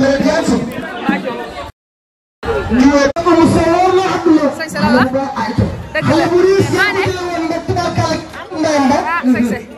beekeetu ñu wee dafa mu sawar na ak loolu xale bu riis yaa mu jële woon ba tubaab kaal ndeyam ba ah,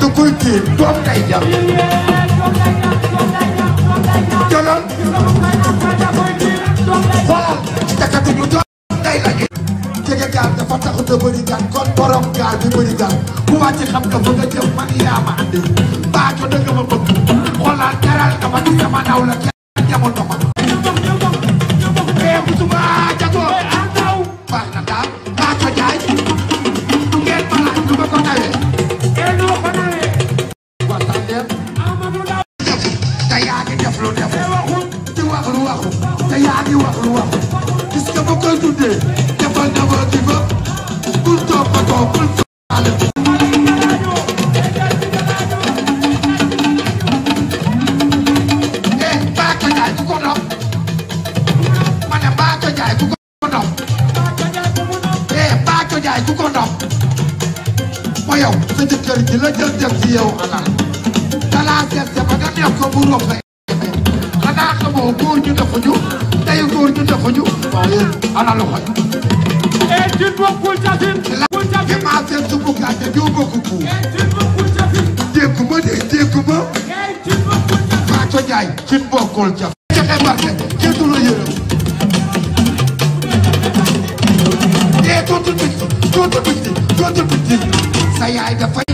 tukuiti dɔnka ya jɔlɔ hɔn jakatugu dɔnka ya ye jɛgɛ ka dafa tago dɔ boli kan kɔn bɔrɔn ka bi boli kan ko waati xam ka fɔ ka jɛ mani ya ma ande baa jɔ dɔ ka ma bɔ kɔla kɛra ka ma ti sama na o la kɛ. waxu te yaa ngi wax lu waxu gis nga bu koy tuddee defal defal di fa bul toppatoo bul toppatoo eh, eh, yow sa jëkkër ji la jël jël ci yow alal dalaa seet ba nga bu rof góor ñu doxuñu tey góor ñu doxuñu waaw yéen ana lu xaj. et eh, tu ne bokkul Thiaffine. bokkul Thiaffine la damaa seet su ko gàcce ñoo eh, bokk ku. et tu ne bokkul Thiaffine. jékkuma de jékkuma. et eh, tu ne bokkul Thiaffine. Fatou Ndiaye. tu ne bokkul Thiaffine. joxe marqué kenn du la yërëm. et tontu bitti tontu bitti tontu bitti sa yaay dafa.